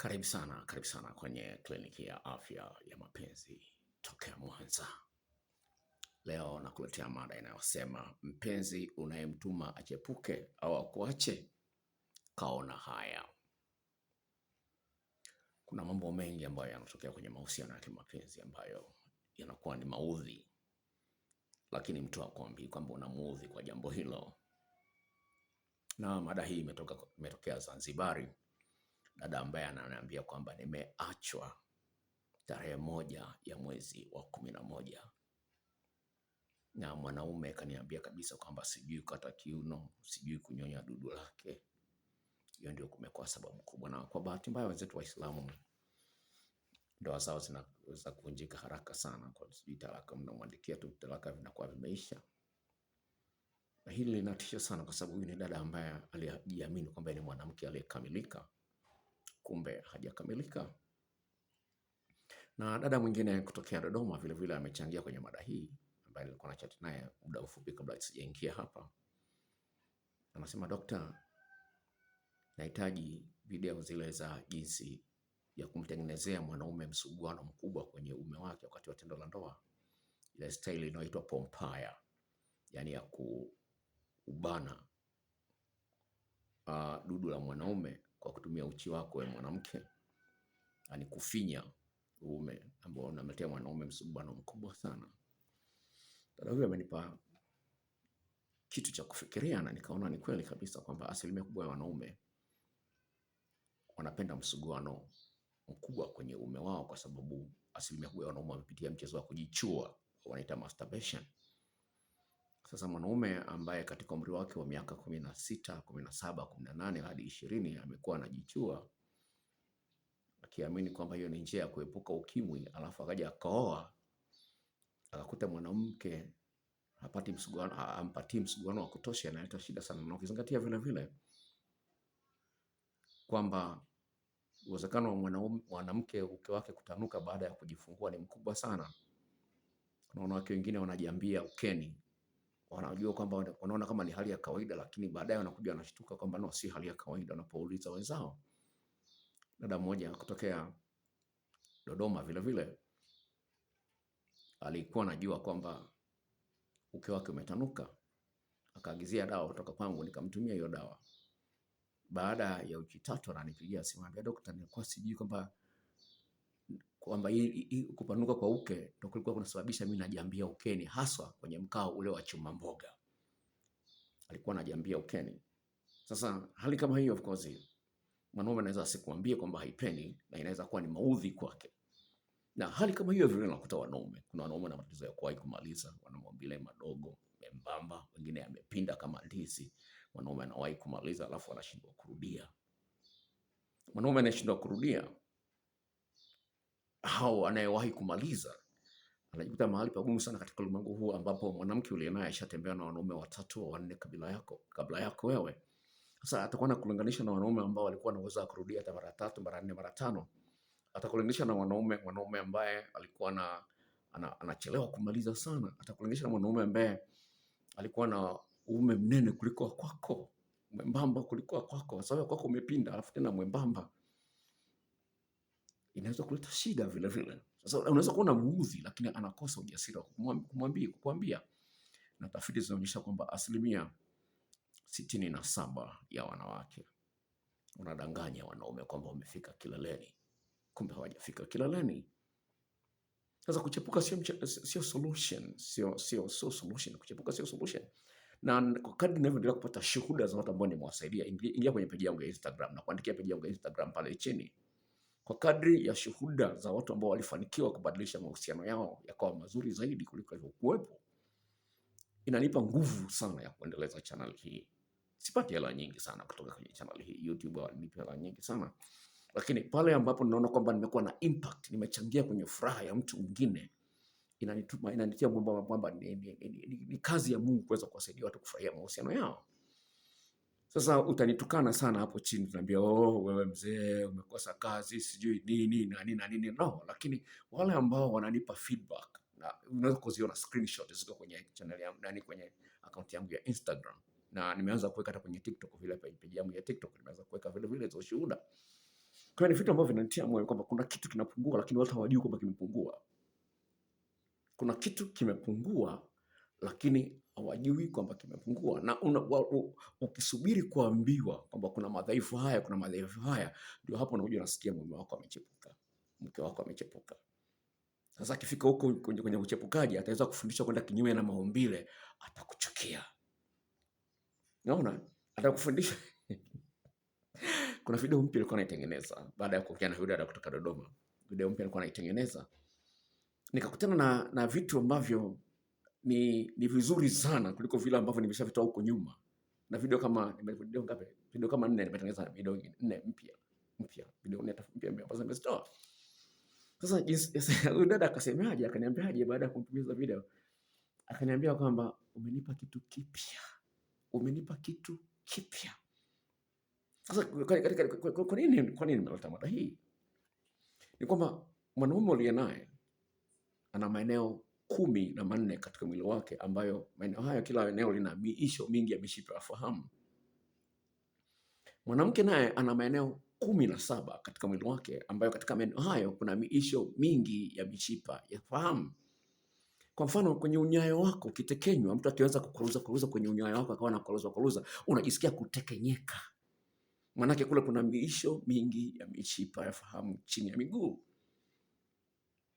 Karibu sana, karibu sana kwenye kliniki ya afya ya mapenzi tokea Mwanza. Leo nakuletea mada inayosema mpenzi unayemtuma achepuke au akuache, kaona haya. Kuna mambo mengi ambayo yanatokea kwenye mahusiano ya kimapenzi ambayo yanakuwa ni maudhi, lakini mtu hakwambii kwamba unamuudhi kwa jambo hilo, na mada hii imetoka imetokea Zanzibari dada ambaye ananiambia kwamba nimeachwa tarehe moja ya mwezi wa kumi na moja na mwanaume kaniambia kabisa kwamba sijui kata kiuno, sijui kunyonya dudu lake. Hiyo ndio kumekuwa sababu kubwa, na kwa bahati mbaya wenzetu Waislamu ndoa zao zinaweza kuvunjika haraka sana, kwa sijui talaka, mnamwandikia tu talaka vinakuwa vimeisha. Na hili linatisha sana, kwa sababu huyu ni dada ambaye alijiamini kwamba ni mwanamke aliyekamilika kumbe hajakamilika. Na dada mwingine kutokea Dodoma vilevile amechangia kwenye mada hii, ambaye nilikuwa na chat naye muda mfupi kabla sijaingia hapa. Anasema, dokta, nahitaji video zile za jinsi ya kumtengenezea mwanaume msuguano mkubwa kwenye ume wake wakati wa tendo la ndoa, ile style inayoitwa pompaya, yaani ya kuubana uh, dudu la mwanaume kwa kutumia uchi wako wewe mwanamke, ani kufinya uume ambao unamletea mwanaume msuguano mkubwa sana. Dada huyo amenipa kitu cha kufikiria na nikaona ni kweli kabisa kwamba asilimia kubwa ya wanaume wanapenda msuguano mkubwa kwenye uume wao, kwa sababu asilimia kubwa ya wanaume wamepitia mchezo wa kujichua, wanaita masturbation. Sasa mwanaume ambaye katika umri wake wa miaka kumi na sita, kumi na saba, kumi na nane hadi ishirini amekuwa anajichua akiamini kwamba hiyo ni njia ya kuepuka ukimwi, alafu akaja akaoa akakuta mwanamke hapati msuguano, hampatii msuguano wa kutosha, analeta shida sana, na ukizingatia vile vile kwamba uwezekano wa mwanamke uke wake kutanuka baada ya kujifungua ni mkubwa sana. Kuna wanawake wengine wanajiambia ukeni wanajua kwamba wanaona kama ni hali ya kawaida, lakini baadaye wanakuja wanashtuka kwamba no, si hali ya kawaida wanapouliza wenzao. Dada mmoja kutokea Dodoma vile vile alikuwa anajua kwamba uke wake umetanuka, akaagizia dawa kutoka kwangu, nikamtumia hiyo dawa. Baada ya wiki tatu ananipigia simu, anambia daktari, nilikuwa sijui kwamba kwamba kupanuka kwa uke ndio kulikuwa kunasababisha mimi najiambia ukeni, haswa kwenye mkao ule wa chuma mboga, alikuwa anajiambia ukeni. Sasa hali kama hiyo, of course, mwanaume anaweza asikwambie kwamba haipeni, na inaweza kuwa ni maudhi kwake, na hali kama hiyo vile nakuta wanaume. Kuna wanaume na matatizo ya kuwahi kumaliza, wana maumbile madogo membamba, wengine yamepinda kama ndizi. Mwanaume anawahi kumaliza, alafu anashindwa kurudia. Mwanaume anashindwa kurudia hao anayewahi kumaliza anajikuta mahali pagumu sana katika ulimwengu huu ambapo mwanamke uliye naye ashatembea na wanaume watatu au wanne kabla yako, kabla yako wewe. Sasa atakuwa na kulinganisha na wanaume ambao walikuwa na uwezo wa kurudia hata mara tatu, mara nne, mara tano. Atakulinganisha na wanaume wanaume ambaye alikuwa na anachelewa ana, kumaliza sana. Atakulinganisha na mwanaume ambaye alikuwa na uume mnene kuliko kwako, mwembamba kuliko kwako, sababu kwako umepinda, alafu tena mwembamba inaweza kuleta shida vile vile. Sasa unaweza kuona unamuudhi, lakini anakosa ujasiri wa kumwambia kukwambia, na tafiti zinaonyesha kwamba asilimia sitini na saba ya wanawake wanadanganya wanaume kwamba wamefika kileleni, kumbe hawajafika kileleni. Sasa kuchepuka sio sio solution, sio sio sio solution, kuchepuka sio solution. Na kwa kadri ninavyoendelea kupata shuhuda za watu ambao nimewasaidia, ingia kwenye peji yangu ya Instagram na kuandikia peji yangu ya Instagram pale chini kwa kadri ya shuhuda za watu ambao walifanikiwa kubadilisha mahusiano yao yakawa mazuri zaidi kuliko yalivyokuwepo, inanipa nguvu sana ya kuendeleza channel hii. Sipati hela nyingi sana kutoka kwenye channel hii. YouTube hawanipi hela nyingi sana, lakini pale ambapo ninaona kwamba nimekuwa na impact, nimechangia kwenye furaha ya mtu mwingine, inanituma, inanitia kwamba ni kazi ya Mungu kuweza kuwasaidia watu kufurahia mahusiano yao. Sasa utanitukana sana hapo chini, tunaambia oh, wewe mzee umekosa kazi sijui nini na nini na nini no. Lakini wale ambao wananipa feedback na unaweza kuziona screenshot ziko kwenye channel yangu ndani kwenye account yangu ya Instagram na nimeanza kuweka hata kwenye TikTok vile, page yangu ya TikTok nimeanza kuweka vile vile za ushuhuda. Kwa hiyo ni vitu ambavyo vinanitia moyo kwamba kuna kitu kinapungua, lakini watu hawajui kwamba kimepungua. Kuna kitu kimepungua, lakini hawajui kwamba kimepungua, na una, wa, u, ukisubiri kuambiwa kwamba kuna madhaifu haya, kuna madhaifu haya, ndio hapo unakuja unasikia mume wako amechepuka, mke wako amechepuka. Sasa akifika huko kwenye kwenye uchepukaji, ataweza kufundishwa kwenda kinyume na maumbile, atakuchukia. naona atakufundisha kuna video mpya alikuwa anaitengeneza baada ya kuongea na huyu dada kutoka Dodoma. Video mpya alikuwa anaitengeneza, nikakutana na, na vitu ambavyo ni, ni vizuri sana kuliko vile ambavyo nimeshavitoa huko nyuma, na video kama video ngapi? Video kama nne nimetengeneza video nne mpya mpya, video nne mpya mpya ambazo nimezitoa. Sasa huyu dada akasemaje, akaniambiaje baada ya kumtumiza video, akaniambia kwamba umenipa kitu kipya, umenipa kitu kipya. Sasa kwa nini kwa nini nimeleta mada hii? Ni kwamba mwanaume uliye naye ana maeneo kumi na manne katika mwili wake, ambayo maeneo hayo kila eneo lina miisho mingi ya mishipa ya fahamu. Mwanamke naye ana maeneo kumi na saba katika mwili wake, ambayo katika maeneo hayo kuna miisho mingi ya mishipa ya fahamu. Kwa mfano kwenye unyayo wako ukitekenywa, mtu akiweza kukuruza kuruza kwenye unyayo wako akawa anakuruza kuruza, unajisikia kutekenyeka, manake kule kuna miisho mingi ya mishipa ya fahamu chini ya miguu.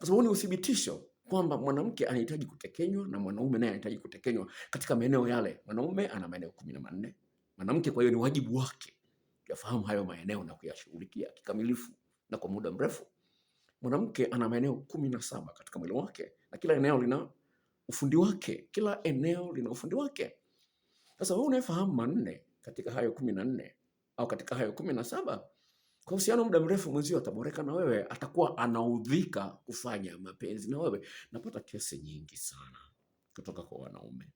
Sasa huu ni uthibitisho kwamba mwanamke anahitaji kutekenywa na mwanaume naye anahitaji kutekenywa katika maeneo yale. Mwanaume ana maeneo kumi na manne, mwanamke. Kwa hiyo ni wajibu wake kuyafahamu hayo maeneo na kuyashughulikia kikamilifu na kwa muda mrefu. Mwanamke ana maeneo kumi na saba katika mwili wake, na kila eneo lina ufundi wake, kila eneo lina ufundi wake. Sasa wewe unayefahamu manne katika hayo kumi na nne au katika hayo kumi na saba kwa uhusiano muda mrefu, mwenzio ataboreka na wewe, atakuwa anaudhika kufanya mapenzi na wewe. Napata kesi nyingi sana kutoka kwa wanaume.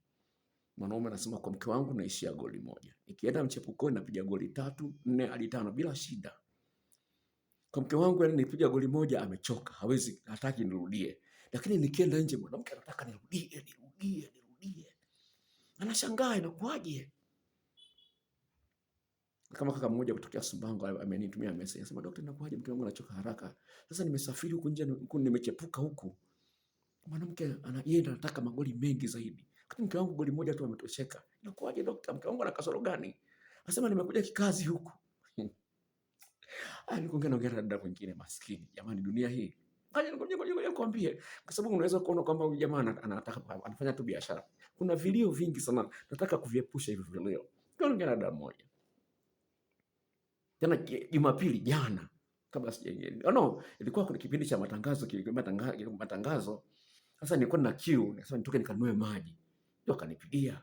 Mwanaume anasema kwa mke wangu naishia goli moja, ikienda mchepukoni napiga goli tatu nne hadi tano bila shida. Kwa mke wangu yani nipiga goli moja amechoka, hawezi, hataki nirudie, lakini nikienda nje mwanamke anataka nirudie, nirudie, nirudie. Anashangaa inakuaje? Kama kaka mmoja kutokea Sumbango amenitumia message anasema, daktari, nakuaje? Mke wangu anachoka haraka. Sasa nimesafiri huku nje huku nimechepuka huku. Mwanamke ana yeye anataka magoli mengi zaidi. Kati mke wangu goli moja tu ametosheka. Nakuaje daktari, mke wangu ana kasoro gani? Anasema nimekuja kikazi huku. Ah, nikuongea na dada mwingine maskini. Jamani, dunia hii. Kaja nikwambie kwa sababu unaweza kuona kwamba huyu jamaa anataka anafanya tu biashara. Kuna vilio vingi sana. Nataka kuviepusha hivyo vilio. Nikuongea na dada mmoja tena Jumapili jana kabla sijaingia, Oh no, ilikuwa kuna kipindi cha matangazo matangazo matangazo. Sasa nilikuwa na kiu, nikasema nitoke nikanunue maji, ndio akanipigia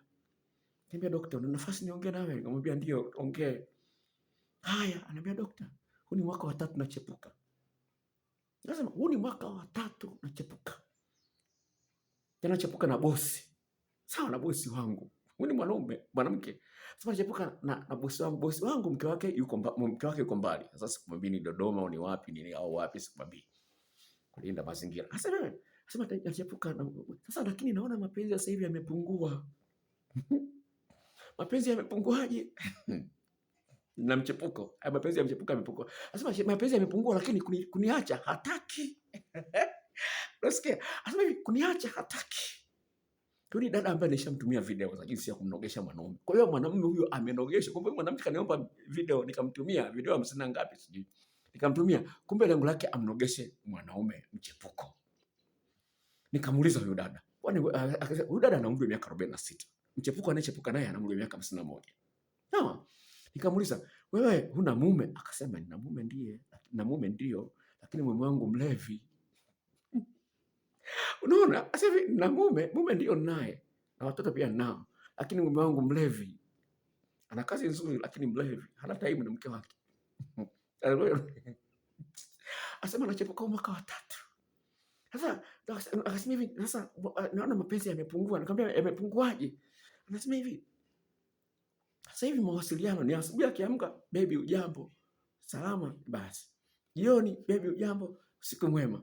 niambia, daktari, una nafasi niongee nawe? Nikamwambia ndio, ongee. Haya, anambia daktari, huu ni mwaka wa tatu nachepuka. Nasema huu ni mwaka wa tatu nachepuka, tena chepuka na bosi sawa, na bosi wangu Huyu ni mwanaume, mwanamke. Sasa najepuka na, na bosi wangu, bosi wangu mke wake yuko mba, mke wake yuko mbali. Sasa sikumwambii ni Dodoma au ni wapi ni au wapi sikumwambii. Kulinda mazingira. Sasa wewe, sema najepuka na sasa lakini naona mapenzi sasa hivi yamepungua. mapenzi yamepunguaje? na mchepuko. Ah, mapenzi ya mchepuko yamepungua. Anasema mapenzi yamepungua lakini kuniacha kuni, hataki. Unasikia? Anasema hivi kuniacha hataki. Yule dada ambaye nishamtumia video za jinsi ya kumnogesha mwanaume. Kwa hiyo mwanamume huyo amenogesha. Kumbe mwanamke kaniomba video nikamtumia video hamsini na ngapi sijui. Nikamtumia. Kumbe lengo lake amnogeshe mwanaume mchepuko. Nikamuuliza huyo dada. Kwani uh, huyo dada ana umri wa miaka 46. Mchepuko anayechepuka naye ana umri wa miaka 51. Sawa? Nikamuuliza, "Wewe huna mume?" Akasema, "Nina mume ndiye, na mume ndio, lakini mume wangu mlevi." Unaona, sasa hivi na mume, mume ndio naye na watoto pia nao, lakini mume wangu mlevi, ana kazi nzuri, lakini mlevi, hana time na mke wake asema anachepuka mwaka wa tatu. Sasa akasema hivi, sasa naona mapenzi yamepungua. Nikamwambia yamepunguaje? Anasema hivi, sasa hivi mawasiliano ni asubuhi akiamka, baby, ujambo, salama. Basi jioni, baby, ujambo, siku mwema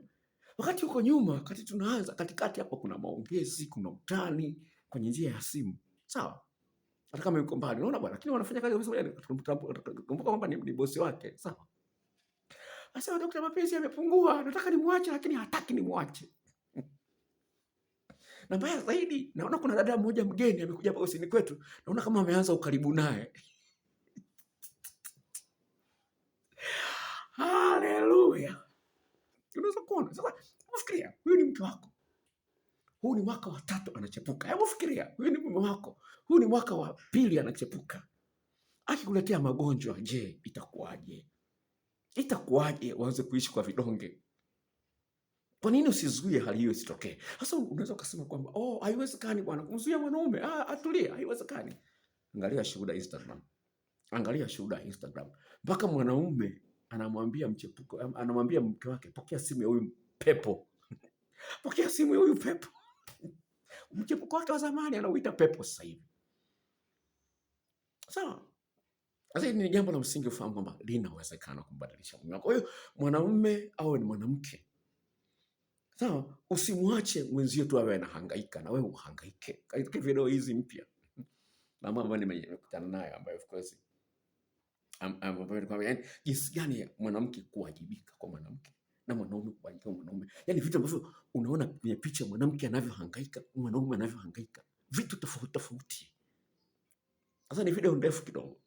Wakati huko nyuma, wakati tunaanza katikati hapo kuna maongezi, kuna utani kwenye njia ya simu, sawa. Hata kama yuko mbali, unaona bwana, lakini wanafanya kazi vizuri, kumbuka kwamba ni bosi wake, sawa. Asema dokta, Mapenzi yamepungua, nataka nimwache, lakini hataki nimwache. Na mbaya zaidi, naona kuna dada mmoja mgeni amekuja hapa ofisini kwetu, naona kama ameanza ukaribu naye. Haleluya! Unaweza kuona sasa. Hebu fikiria, huyu ni mke wako, huu ni mwaka wa tatu anachepuka. Hebu fikiria, huyu ni mume wako, huu ni mwaka wa pili anachepuka. Akikuletea magonjwa, je, itakuwaje? Itakuwaje waanze kuishi kwa vidonge? Kwa nini usizuie hali hiyo isitokee? Sasa unaweza ukasema kwamba oh, haiwezekani bwana kumzuia mwanaume, ah, atulie, haiwezekani. Angalia shuhuda Instagram, angalia shuhuda Instagram, mpaka mwanaume anamwambia mchepuko, anamwambia mke wake, pokea simu ya huyu pepo, pokea simu ya huyu pepo. Mchepuko wake wa zamani anauita pepo sasa hivi. Sawa. Sasa ni jambo la msingi ufahamu kwamba linawezekana kumbadilisha mume wako. Kwa hiyo mwanamume awe ni mwanamke, sawa, usimwache mwenzio tu awe anahangaika na wewe uhangaike. Katika video hizi mpya na mambo nimekutana nayo ambayo of course ambavyo ni kwamba yani jinsi gani mwanamke kuwajibika kwa mwanamke na mwanaume kuwajibika kwa mwanaume, yani vitu ambavyo unaona kwenye picha mwanamke anavyohangaika, mwanaume anavyohangaika, vitu tofauti tofauti. Sasa ni video ndefu kidogo,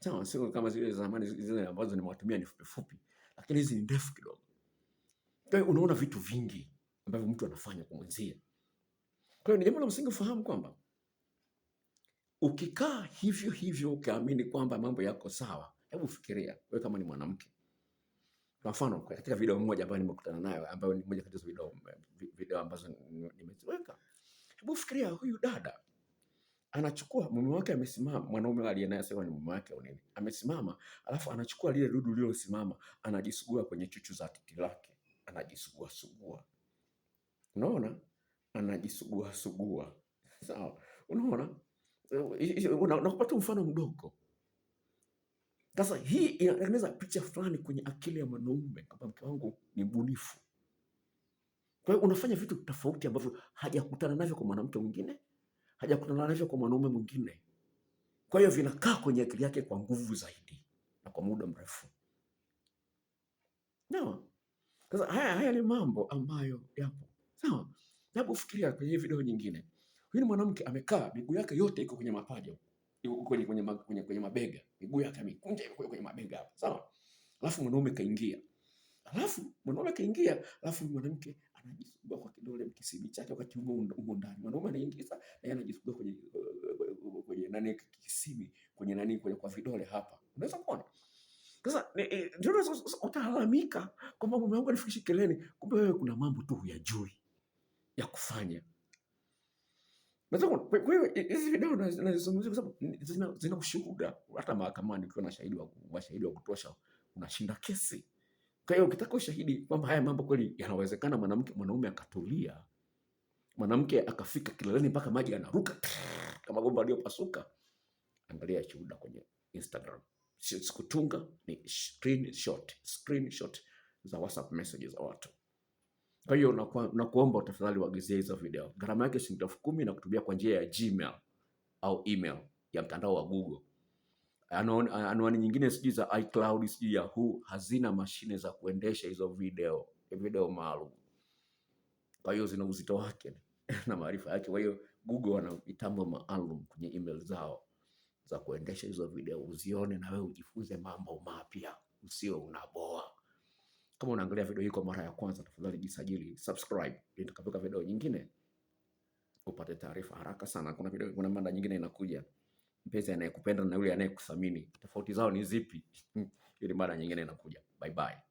sawa, sio kama zile zamani zile ambazo nimewatumia ni fupi fupi, lakini hizi ni ndefu kidogo. Kwa hiyo unaona vitu vingi ambavyo mtu anafanya kwa mwenzie. Kwa hiyo ni jambo la msingi ufahamu kwamba Ukikaa hivyo hivyo ukaamini kwamba mambo yako sawa, hebu fikiria wewe kama ni mwanamke. Kwa mfano katika video moja ambayo nimekutana nayo ambayo ni moja kati ya video, video ambazo nimeziweka, hebu fikiria huyu dada anachukua mume wake amesimama, mwanaume aliye naye sasa ni mume wake au nini, amesimama alafu anachukua lile dudu lililosimama anajisugua kwenye chuchu za titi lake, anajisugua sugua, unaona, anajisugua sugua, sawa, unaona Eh, eh, nakupata mfano mdogo. Sasa hii inatengeneza picha fulani kwenye akili ya mwanaume kwamba mke wangu ni bunifu. Kwa hiyo unafanya vitu tofauti ambavyo hajakutana navyo kwa mwanamke mwingine, hajakutana navyo kwa mwanaume mwingine. Kwa hiyo vinakaa kwenye akili yake kwa nguvu zaidi na kwa muda mrefu. Sawa? Sasa haya haya ni mambo ambayo yapo. Sawa? Hebu fikiria kwenye video nyingine. Huyu mwanamke amekaa, miguu yake yote iko kwenye mapaja, iko kwenye kwenye kwenye kwenye mabega, miguu yake amekunja iko kwenye mabega hapo, sawa. Alafu mwanaume kaingia, alafu mwanaume kaingia, alafu mwanamke anajisugua kwa kidole kisibi chake, wakati huo huo ndani mwanaume anaingiza na yeye anajisugua kwenye kwenye nani kisibi, kwenye nani, kwenye kwa vidole hapa, unaweza kuona sasa eh, eh, ndio utalalamika kwamba mume wangu anifikishi keleni, kumbe wewe kuna mambo tu huyajui ya kufanya hizi video nazizungumzia kwa sababu zina, zina ushuhuda. Hata mahakamani ukiwa na shahidi wa, mashahidi wa kutosha unashinda kesi. Kwa hiyo ukitaka ushahidi kwamba haya mambo kweli yanawezekana, mwanamke mwanaume akatulia, mwanamke akafika kileleni mpaka maji yanaruka kama bomba aliyopasuka, angalia shuhuda kwenye Instagram. Sikutunga, ni screenshot, screenshot za WhatsApp messages za watu. Kwa hiyo nakuomba tafadhali uagizie hizo video. Gharama yake shilingi elfu kumi na kutumia kwa njia ya Gmail au email ya mtandao wa Google. Anwani nyingine sijui za iCloud, sijui Yahoo hazina mashine za kuendesha hizo video, video maalum. Kwa hiyo zina uzito wake na maarifa yake. Kwa hiyo Google wana mitambo maalum kwenye email zao za kuendesha hizo video, uzione na wewe ujifunze mambo mapya, usio unaboa. Kama unaangalia video hii kwa mara ya kwanza, tafadhali jisajili, subscribe, ili tukapoweka video nyingine upate taarifa haraka sana. Kuna video, kuna mada nyingine inakuja, mpenzi anayekupenda na yule anayekuthamini, tofauti zao ni zipi? Ili mada nyingine inakuja. Bye bye.